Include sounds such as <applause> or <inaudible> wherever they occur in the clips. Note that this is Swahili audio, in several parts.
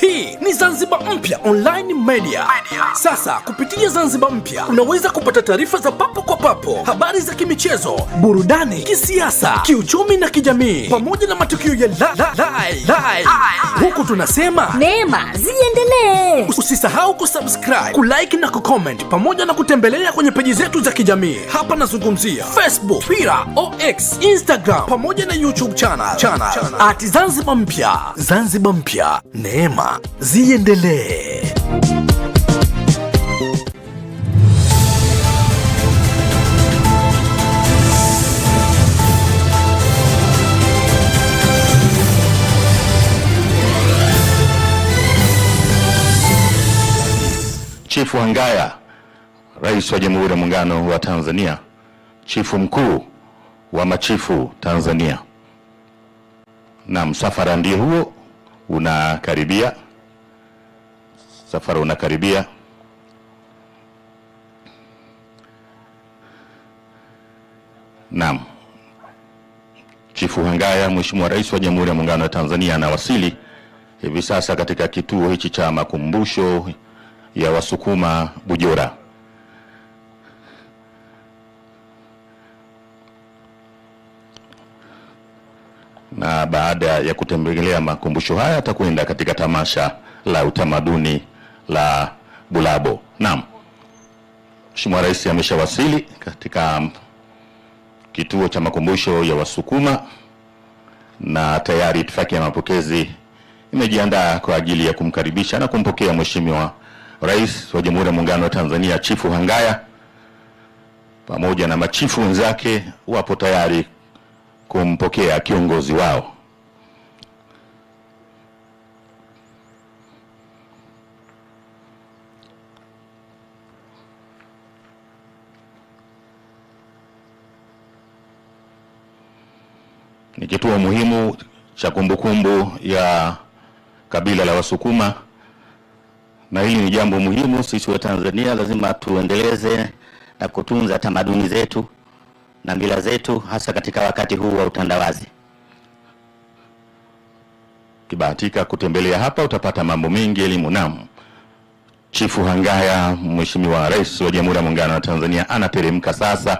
Hii ni Zanzibar Mpya Online Media. Sasa kupitia Zanzibar Mpya unaweza kupata taarifa za papo kwa papo, habari za kimichezo, burudani, kisiasa, kiuchumi na kijamii, pamoja na matukio ya la. Huku tunasema neema ziendelee. Usisahau kusubscribe, kulike na kucomment pamoja na kutembelea kwenye peji zetu za kijamii. Hapa nazungumzia Facebook, Twitter, OX, Instagram pamoja na YouTube channel, channel. Ati Zanzibar Mpya, Zanzibar Mpya neema njema ziendelee. Chifu Hangaya, Rais wa Jamhuri ya Muungano wa Tanzania, chifu mkuu wa machifu Tanzania, na msafara ndio huo unakaribia, safari unakaribia. Naam, Chifu Hangaya, Mheshimiwa Rais wa Jamhuri ya Muungano wa Tanzania anawasili hivi sasa katika kituo hichi cha makumbusho ya Wasukuma Bujora. na baada ya kutembelea makumbusho haya atakwenda katika tamasha la utamaduni la Bulabo. Naam, Mheshimiwa Rais ameshawasili katika kituo cha makumbusho ya Wasukuma na tayari itifaki ya mapokezi imejiandaa kwa ajili ya kumkaribisha na kumpokea Mheshimiwa Rais wa Jamhuri ya Muungano wa Tanzania, Chifu Hangaya pamoja na machifu wenzake wapo tayari kumpokea kiongozi wao. Ni kituo muhimu cha kumbukumbu ya kabila la Wasukuma, na hili ni jambo muhimu. Sisi wa Tanzania lazima tuendeleze na kutunza tamaduni zetu na mila zetu, hasa katika wakati huu wa utandawazi. Kibahatika kutembelea hapa utapata mambo mengi elimu namu. Chifu Hangaya, Mheshimiwa Rais wa Jamhuri ya Muungano wa Tanzania anateremka sasa,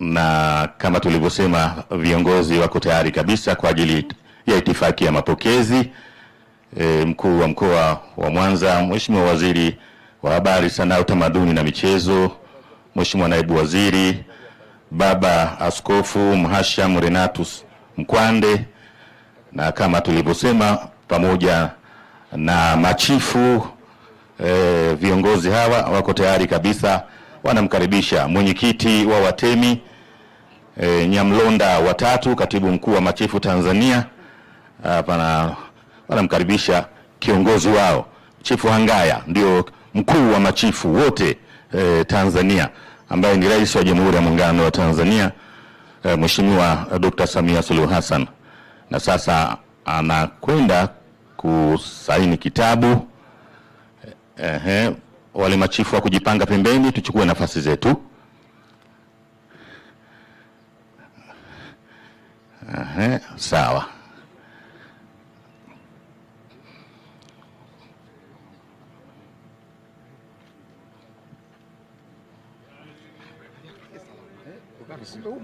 na kama tulivyosema, viongozi wako tayari kabisa kwa ajili ya itifaki ya mapokezi. E, mkuu wa mkoa wa Mwanza, Mheshimiwa Waziri wa Habari, Sanaa, Utamaduni na Michezo Mheshimiwa Naibu Waziri, Baba Askofu Mhashamu Renatus Mkwande, na kama tulivyosema pamoja na machifu e, viongozi hawa wako tayari kabisa, wanamkaribisha mwenyekiti wa Watemi e, Nyamlonda watatu, katibu mkuu wa machifu Tanzania hapana, wanamkaribisha kiongozi wao Chifu Hangaya, ndio mkuu wa machifu wote e, Tanzania ambaye ni Rais wa Jamhuri ya Muungano wa Tanzania e, Mheshimiwa eh, Dr. Samia Suluhu Hassan, na sasa anakwenda kusaini kitabu eh, wale machifu wa kujipanga pembeni, tuchukue nafasi zetu. Ehe, sawa. Disse, eu,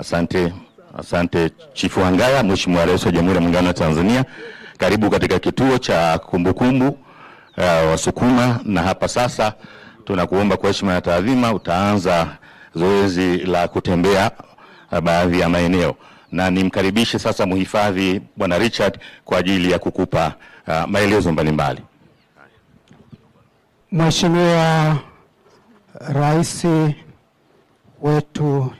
Asante, asante Chifu Wangaya. Mheshimiwa Rais wa Jamhuri ya Muungano wa Tanzania, karibu katika kituo cha kumbukumbu uh, Wasukuma, na hapa sasa tunakuomba kwa heshima na taadhima utaanza zoezi la kutembea uh, baadhi ya maeneo, na nimkaribishe sasa mhifadhi Bwana Richard kwa ajili ya kukupa uh, maelezo mbalimbali. Mheshimiwa Rais wetu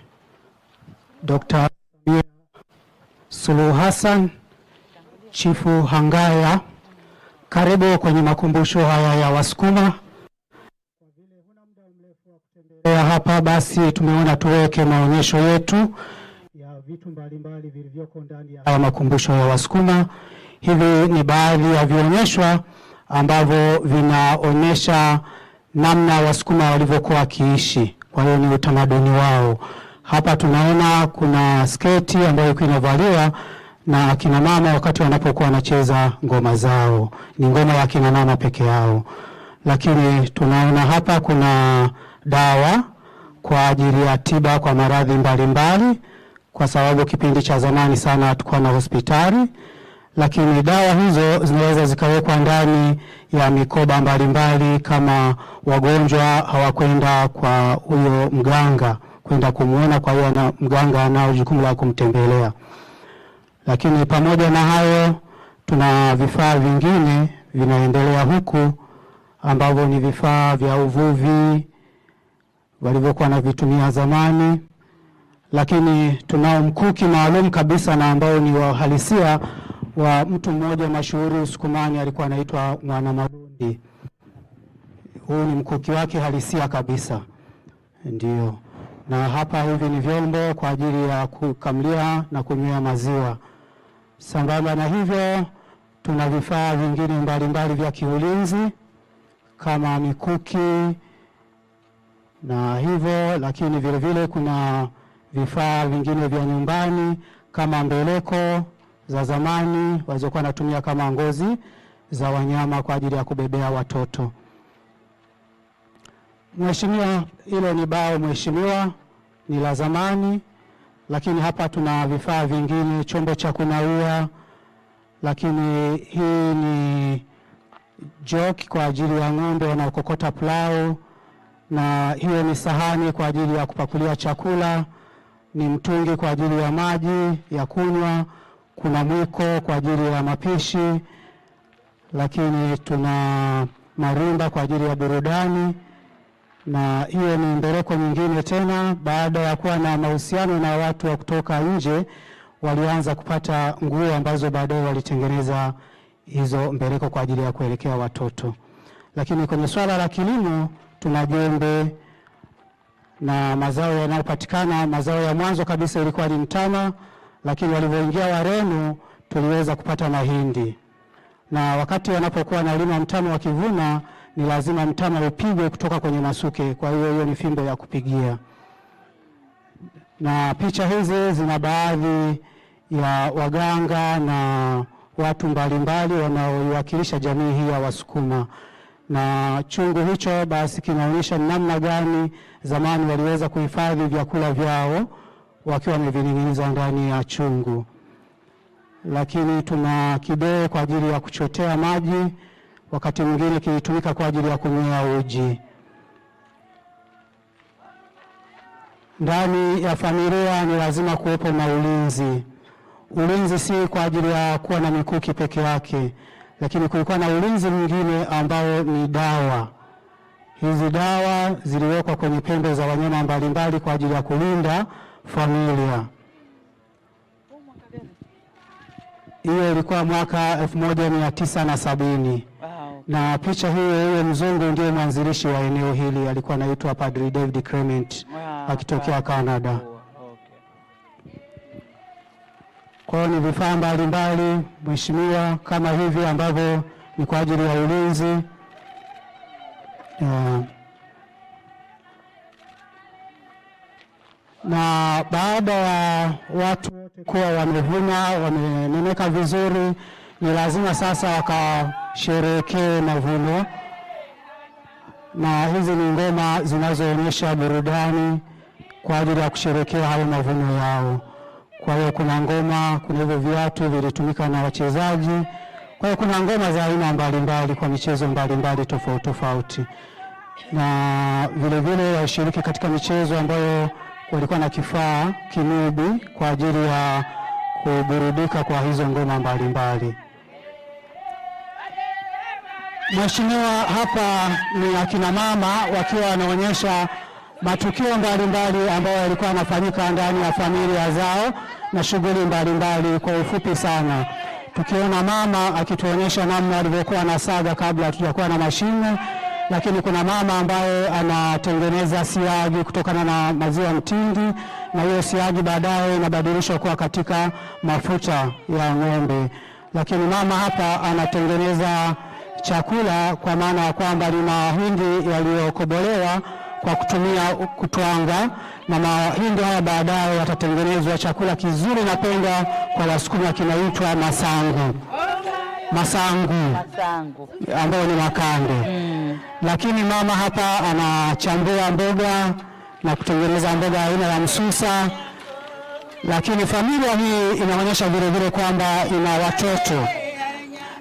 Dr. Samia Suluhu Hassan, Chifu Hangaya, karibu kwenye makumbusho haya ya Wasukuma. Kwa vile huna muda mrefu wa kutembelea hapa, basi tumeona tuweke maonyesho yetu ya vitu mbalimbali vilivyoko ndani ya haya makumbusho ya Wasukuma. Hivi ni baadhi ya vionyeshwa ambavyo vinaonyesha namna Wasukuma walivyokuwa wakiishi, kwa hiyo ni utamaduni wao. Hapa tunaona kuna sketi ambayo iko inavaliwa na akina mama wakati wanapokuwa wanacheza ngoma zao, ni ngoma ya akina mama peke yao. Lakini tunaona hapa kuna dawa kwa ajili ya tiba kwa maradhi mbalimbali, kwa sababu kipindi cha zamani sana hatukuwa na hospitali, lakini dawa hizo zinaweza zikawekwa ndani ya mikoba mbalimbali mbali, kama wagonjwa hawakwenda kwa huyo mganga kwenda kumuona. kwa hiyo na mganga anao jukumu la kumtembelea. Lakini pamoja na hayo, tuna vifaa vingine vinaendelea huku ambavyo ni vifaa vya uvuvi walivyokuwa wanavitumia zamani, lakini tunao mkuki maalum kabisa na ambao ni wa uhalisia wa mtu mmoja mashuhuri Usukumani, alikuwa anaitwa Mwanamadundi. Huu ni mkuki wake halisia kabisa, ndio na hapa hivi ni vyombo kwa ajili ya kukamlia na kunywea maziwa. Sambamba na hivyo, tuna vifaa vingine mbalimbali vya kiulinzi kama mikuki na hivyo, lakini vile vile kuna vifaa vingine vya nyumbani kama mbeleko za zamani walizokuwa wanatumia kama ngozi za wanyama kwa ajili ya kubebea watoto. Mheshimiwa, hilo ni bao mheshimiwa ni la zamani, lakini hapa tuna vifaa vingine, chombo cha kunawia, lakini hii ni joki kwa ajili ya ng'ombe wanaokokota plau, na hiyo ni sahani kwa ajili ya kupakulia chakula, ni mtungi kwa ajili ya maji ya kunywa, kuna mwiko kwa ajili ya mapishi, lakini tuna marimba kwa ajili ya burudani na hiyo ni mbereko nyingine tena. Baada ya kuwa na mahusiano na watu wa kutoka nje, walianza kupata nguo ambazo baadaye walitengeneza hizo mbereko kwa ajili ya kuelekea watoto. Lakini kwenye swala la kilimo tuna jembe na mazao yanayopatikana, mazao ya mwanzo kabisa ilikuwa ni mtama, lakini walivyoingia Wareno tuliweza kupata mahindi, na wakati wanapokuwa lima mtama wakivuna ni lazima mtama upigwe kutoka kwenye masuke. Kwa hiyo hiyo ni fimbo ya kupigia, na picha hizi zina baadhi ya waganga na watu mbalimbali wanaoiwakilisha jamii hii ya Wasukuma na chungu hicho basi kinaonyesha namna gani zamani waliweza kuhifadhi vyakula vyao wakiwa wamevining'iniza ndani ya chungu. Lakini tuna kibeo kwa ajili ya kuchotea maji wakati mwingine kilitumika kwa ajili ya kunywea uji. Ndani ya familia ni lazima kuwepo na ulinzi. Ulinzi si kwa ajili ya kuwa na mikuki peke yake, lakini kulikuwa na ulinzi mwingine ambao ni dawa. Hizi dawa ziliwekwa kwenye pembe za wanyama mbalimbali kwa ajili ya kulinda familia. Hiyo ilikuwa mwaka elfu moja mia tisa na sabini na picha hiyo, huyo mzungu ndiye mwanzilishi wa eneo hili, alikuwa anaitwa Padri David Clement ah, akitokea wow, Canada oh, Kwa hiyo ni vifaa mbalimbali mheshimiwa, kama hivi ambavyo ni kwa ajili ya ulinzi uh, na baada ya watu wote kuwa wamevuna wamenemeka vizuri ni lazima sasa wakasherehekee mavuno, na hizi ni ngoma zinazoonyesha burudani kwa ajili ya kusherehekea hayo mavuno yao. Kwa hiyo kuna ngoma, kuna hivyo viatu vilitumika na wachezaji. Kwa hiyo kuna ngoma za aina mbalimbali kwa michezo mbalimbali tofauti tofauti, na vilevile washiriki katika michezo ambayo walikuwa na kifaa kinubi kwa ajili ya kuburudika kwa hizo ngoma mbalimbali. Mheshimiwa, hapa ni akina mama wakiwa wanaonyesha matukio mbalimbali ambayo yalikuwa yanafanyika ndani ya familia zao na shughuli mbalimbali. Kwa ufupi sana, tukiona mama akituonyesha namna alivyokuwa na saga kabla hatujakuwa na mashine, lakini kuna mama ambaye anatengeneza siagi kutokana na maziwa mtindi, na hiyo siagi baadaye inabadilishwa kuwa katika mafuta ya ng'ombe, lakini mama hapa anatengeneza chakula kwa maana ya kwamba ni mahindi yaliyokobolewa kwa kutumia kutwanga, na mahindi haya baadaye yatatengenezwa chakula kizuri napenda kwa Wasukuma kinaitwa masangu masangu, masangu, ambayo ni makande mm. Lakini mama hapa anachambua mboga na kutengeneza mboga aina ya msusa, lakini familia hii inaonyesha vilevile kwamba ina watoto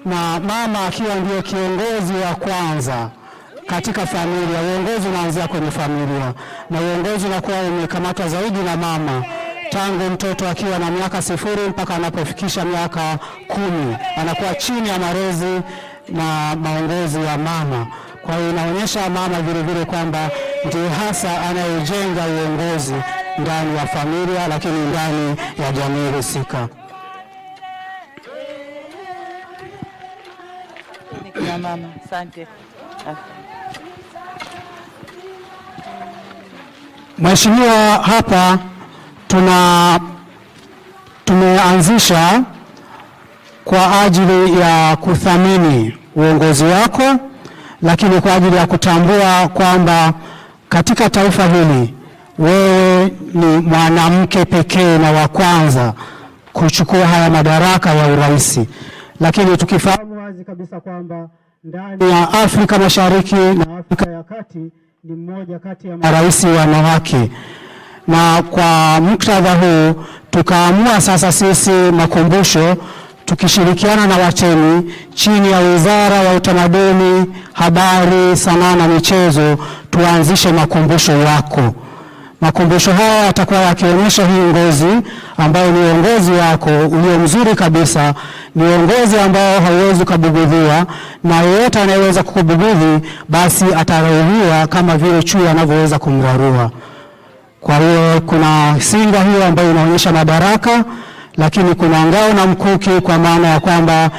na mama akiwa ndio kiongozi wa kwanza katika familia. Uongozi unaanzia kwenye familia, na uongozi unakuwa umekamatwa zaidi na mama tangu mtoto akiwa na miaka sifuri mpaka anapofikisha miaka kumi anakuwa chini ya malezi na maongozi ya mama. Kwa hiyo inaonyesha mama vilevile kwamba ndiye hasa anayejenga uongozi ndani ya familia, lakini ndani ya jamii husika. nyumbani kina mama. Asante. Mheshimiwa, hapa tuna tumeanzisha kwa ajili ya kuthamini uongozi wako, lakini kwa ajili ya kutambua kwamba katika taifa hili wewe ni mwanamke pekee na wa kwanza kuchukua haya madaraka ya urais, lakini tukifanya wazi kabisa kwamba ndani ya Afrika Mashariki na Afrika ya Kati ni mmoja kati ya marais wanawake, na kwa muktadha huu tukaamua sasa sisi makumbusho tukishirikiana na Watemi chini ya Wizara ya Utamaduni, Habari, Sanaa na Michezo tuanzishe makumbusho yako Makumbusho haya yatakuwa yakionyesha hii ngozi ambayo ni uongozi wako ulio mzuri kabisa, ni uongozi ambao hauwezi ukabugudhiwa, na yeyote anayeweza kukubugudhi basi atarauliwa kama vile chui anavyoweza kumrarua. Kwa hiyo kuna singa hiyo ambayo inaonyesha madaraka, lakini kuna ngao na mkuki, kwa maana ya kwamba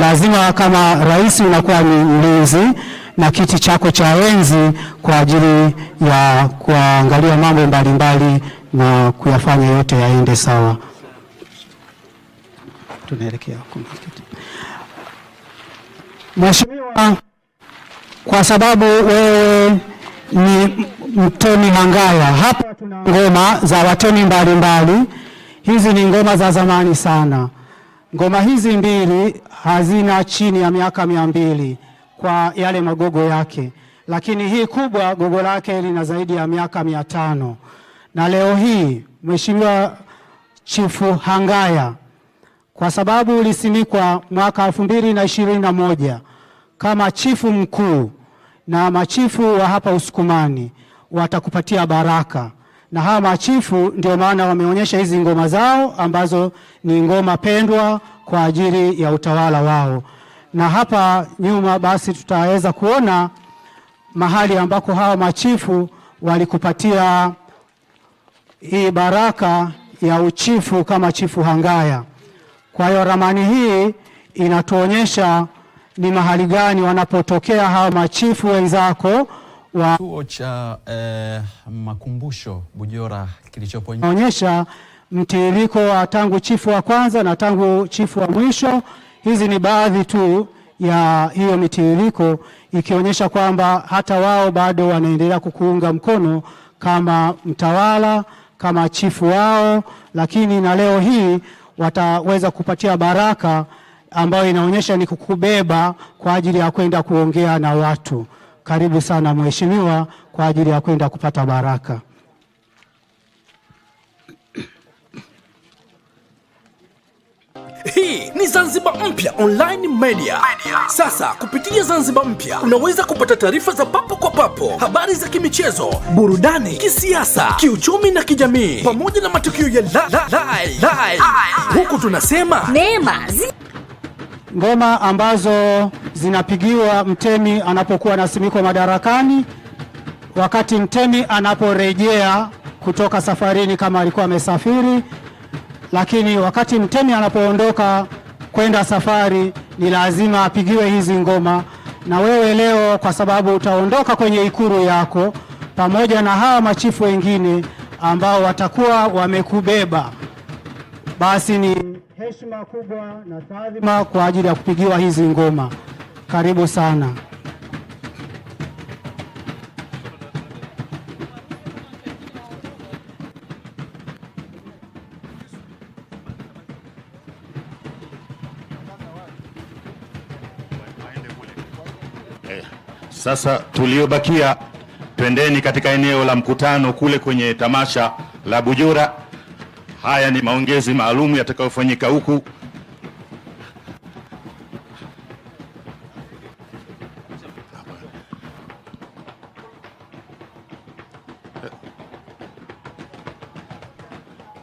lazima kama rais unakuwa ni mlinzi na kiti chako cha enzi kwa ajili ya kuangalia mambo mbalimbali na kuyafanya yote yaende sawa. Tunaelekea Mheshimiwa, kwa sababu wewe ni mtoni Mangaya, hapa tuna ngoma za watoni mbalimbali mbali. Hizi ni ngoma za zamani sana. Ngoma hizi mbili hazina chini ya miaka mia mbili kwa yale magogo yake, lakini hii kubwa gogo lake lina zaidi ya miaka mia tano na leo hii Mheshimiwa Chifu Hangaya kwa sababu ulisimikwa mwaka elfu mbili na ishirini na moja kama chifu mkuu, na machifu wa hapa Usukumani watakupatia baraka, na hawa machifu ndio maana wameonyesha hizi ngoma zao ambazo ni ngoma pendwa kwa ajili ya utawala wao na hapa nyuma basi tutaweza kuona mahali ambako hawa machifu walikupatia hii baraka ya uchifu kama Chifu Hangaya. Kwa hiyo ramani hii inatuonyesha ni mahali gani wanapotokea hawa machifu wenzako wa Kituo cha eh, makumbusho Bujora kilichopo onyesha mtiririko wa tangu chifu wa kwanza na tangu chifu wa mwisho. Hizi ni baadhi tu ya hiyo mitiririko ikionyesha kwamba hata wao bado wanaendelea kukuunga mkono kama mtawala, kama chifu wao, lakini na leo hii wataweza kupatia baraka ambayo inaonyesha ni kukubeba kwa ajili ya kwenda kuongea na watu. Karibu sana mheshimiwa, kwa ajili ya kwenda kupata baraka. Hii ni Zanzibar Mpya Online Media. Sasa kupitia Zanzibar Mpya unaweza kupata taarifa za papo kwa papo, habari za kimichezo, burudani, kisiasa, kiuchumi na kijamii, pamoja na matukio ya huku tunasema neema ngoma ambazo zinapigiwa mtemi anapokuwa anasimikwa madarakani, wakati mtemi anaporejea kutoka safarini, kama alikuwa amesafiri lakini wakati mtemi anapoondoka kwenda safari ni lazima apigiwe hizi ngoma. Na wewe leo, kwa sababu utaondoka kwenye ikulu yako pamoja na hawa machifu wengine ambao watakuwa wamekubeba, basi ni heshima kubwa na taadhima kwa ajili ya kupigiwa hizi ngoma. Karibu sana. Sasa tuliobakia, twendeni katika eneo la mkutano kule kwenye tamasha la bujura Haya ni maongezi maalum yatakayofanyika huku.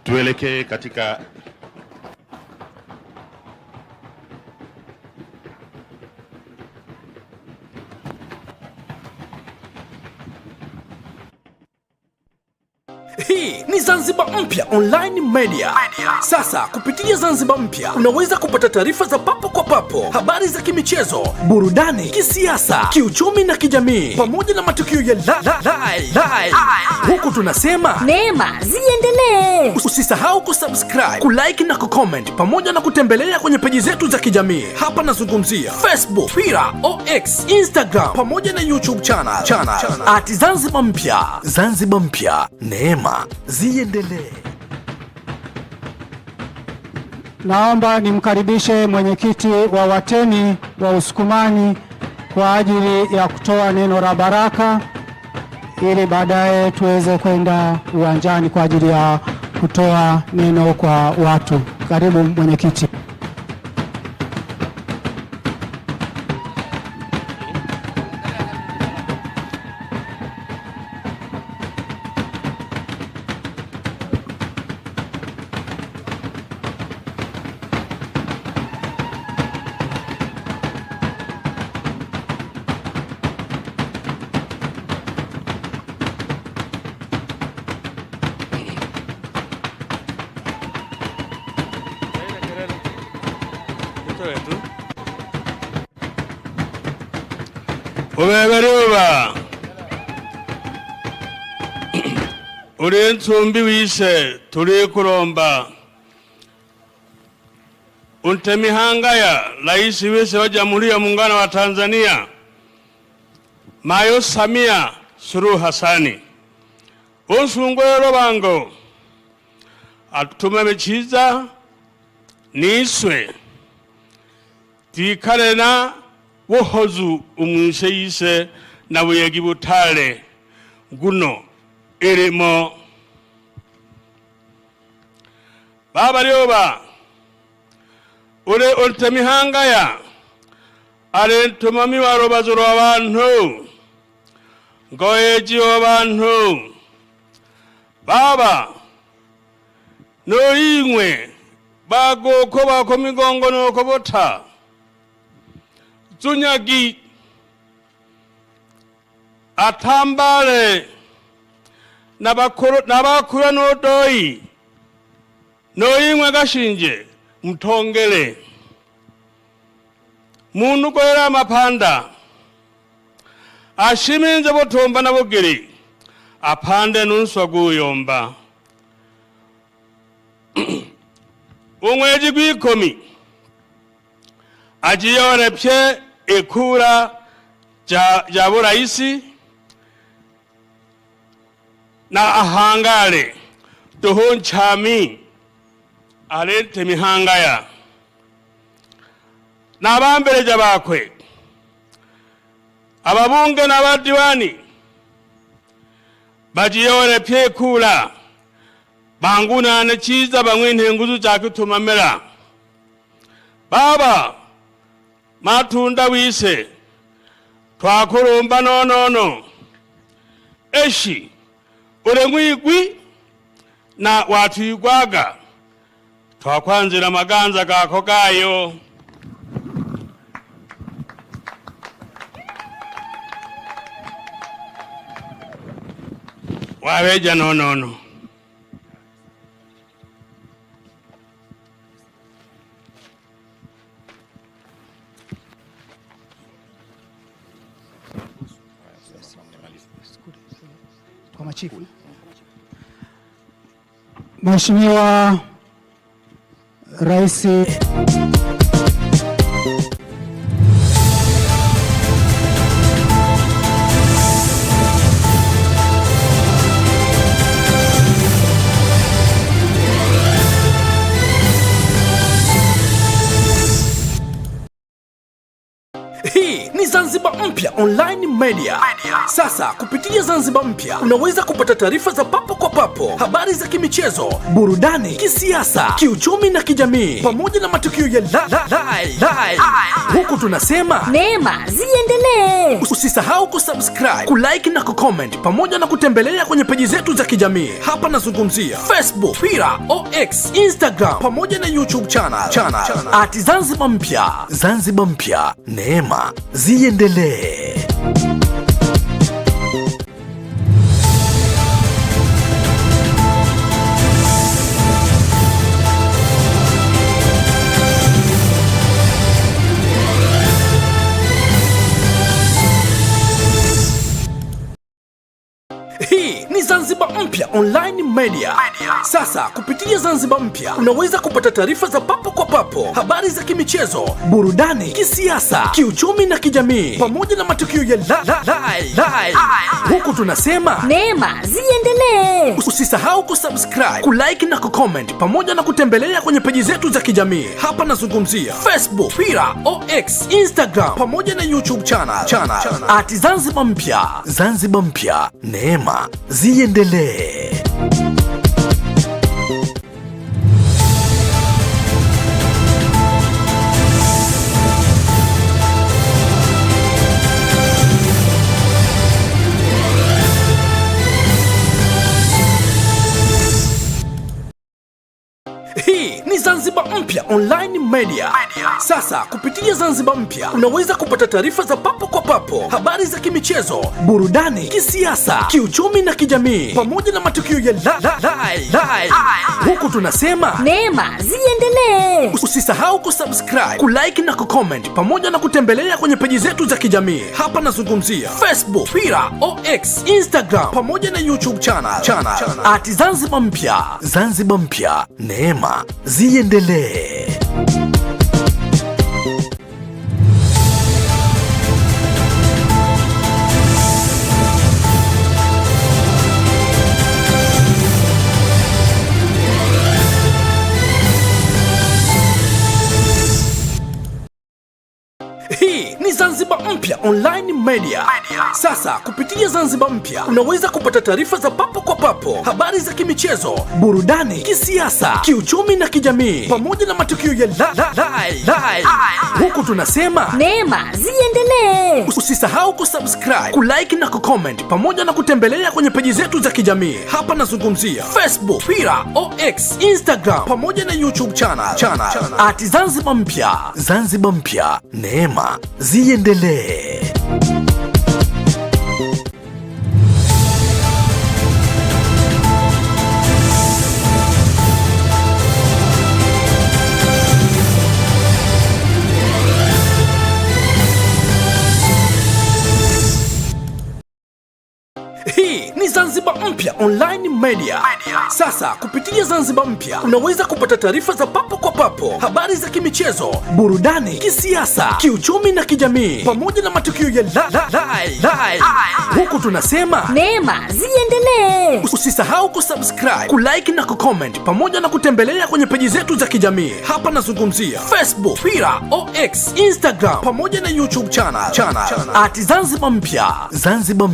Tuelekee katika Hii ni Zanzibar Mpya Online Media. Sasa kupitia Zanzibar Mpya unaweza kupata taarifa za papo kwa papo, habari za kimichezo, burudani, kisiasa, kiuchumi na kijamii, pamoja na matukio ya live. Huku tunasema neema ziendelee. Home. Usisahau kusubscribe, kulike na kucomment pamoja na kutembelea kwenye peji zetu za kijamii. Hapa nazungumzia Facebook, Twitter, OX, Instagram pamoja na YouTube channel, channel. Channel. At Zanzibar Mpya. Zanzibar Mpya, neema ziendelee. Naomba nimkaribishe mwenyekiti wa wateni wa Usukumani kwa ajili ya kutoa neno la baraka ili baadaye tuweze kwenda uwanjani kwa ajili ya kutoa neno kwa watu. Karibu mwenyekiti. tutole tu ubebereba uri nsumbi wishe untemihangaya rais wese wa jamhuri ya muungano wa tanzania mayo samia suluhu hasani unsungulelo bango atume chiza niswe tikale na wohozu umwishe yise na buyagi butale guno elimo baba lyoba ule olitemihangaya ale ntumami warobazu lwa bantu ngoyejiwo bantu baba noying'we bagoko bako migongo noko bota tsunyagi atambale n'abakura n'odoyi noyimwe gashinje mutongele munhu goyera amapanda ashiminze votomba navogiri apande nunswa guyomba <clears throat> umweji gwikomi ajiyore pye ikura ja buraisi na ahangale tuhun chami alete mihanga ya na n'abambereja bakwe ababunge badiwani bajiyore banguna ne chiza bamwinthenguzu chakithumamela baba matunda wise twakulumba nonono eshi ulengwigwi na watwigwaga twakwanzila maganza gako gayo wabeja nonono Chifu. Mheshimiwa Rais ni Zanzibar Mpya Online Media. Sasa kupitia Zanzibar Mpya unaweza kupata taarifa za papo kwa papo, habari za kimichezo, burudani, kisiasa, kiuchumi na kijamii, pamoja na matukio ya la. Huku tunasema neema ziendelee. Usisahau kusubscribe, kulike na kucomment pamoja na kutembelea kwenye peji zetu za kijamii. Hapa nazungumzia Facebook, Twitter, OX, Instagram pamoja na YouTube channel, channel. Ati Zanzibar Mpya, Zanzibar Mpya, neema Zi- ziendelee. Zanzibar Mpya Online Media. Sasa kupitia Zanzibar Mpya unaweza kupata taarifa za papo kwa papo, habari za kimichezo, burudani, kisiasa, kiuchumi na kijamii, pamoja na matukio ya live. Huku tunasema neema ziendelee. Usisahau kusubscribe, kulike na kucomment pamoja na kutembelea kwenye peji zetu za kijamii. Hapa nazungumzia Facebook, Twitter, OX, Instagram pamoja na YouTube channel, channel. Zanzibar Mpya, Zanzibar Mpya, neema zi പ്രിയന്തല്ലേ Nissan mpya online media. media. Sasa kupitia Zanzibar mpya unaweza kupata taarifa za papo kwa papo, habari za kimichezo, burudani, kisiasa, kiuchumi na kijamii, pamoja na matukio ya live. Huku tunasema neema ziendelee. Usisahau kusubscribe, kulike na kucomment pamoja na kutembelea kwenye peji zetu za kijamii. Hapa nazungumzia Facebook, Twitter, OX, Instagram pamoja na YouTube channel, channel. Ati Zanzibar mpya, Zanzibar mpya, neema ziendelee. Mzee. Zanzibar Mpya Online Media. Sasa kupitia Zanzibar Mpya unaweza kupata taarifa za papo kwa papo, habari za kimichezo, burudani, kisiasa, kiuchumi na kijamii, pamoja na matukio ya live. Huku tunasema neema ziendelee. Usisahau kusubscribe, kulike na kucomment pamoja na kutembelea kwenye peji zetu za kijamii. Hapa nazungumzia Facebook, Twitter, OX, Instagram pamoja na YouTube channel, channel. Ati Zanzibar Mpya, Zanzibar Mpya, neema ziendelee tuendelee. mpya online media. media. Sasa kupitia Zanzibar mpya unaweza kupata taarifa za papo kwa papo, habari za kimichezo, burudani, kisiasa, kiuchumi na kijamii, pamoja na matukio ya live. Huku tunasema neema ziendelee. Usisahau kusubscribe, kulike na kucomment pamoja na kutembelea kwenye peji zetu za kijamii. Hapa nazungumzia Facebook, Twitter, OX, Instagram pamoja na YouTube channel, channel. Ati Zanzibar mpya, Zanzibar mpya.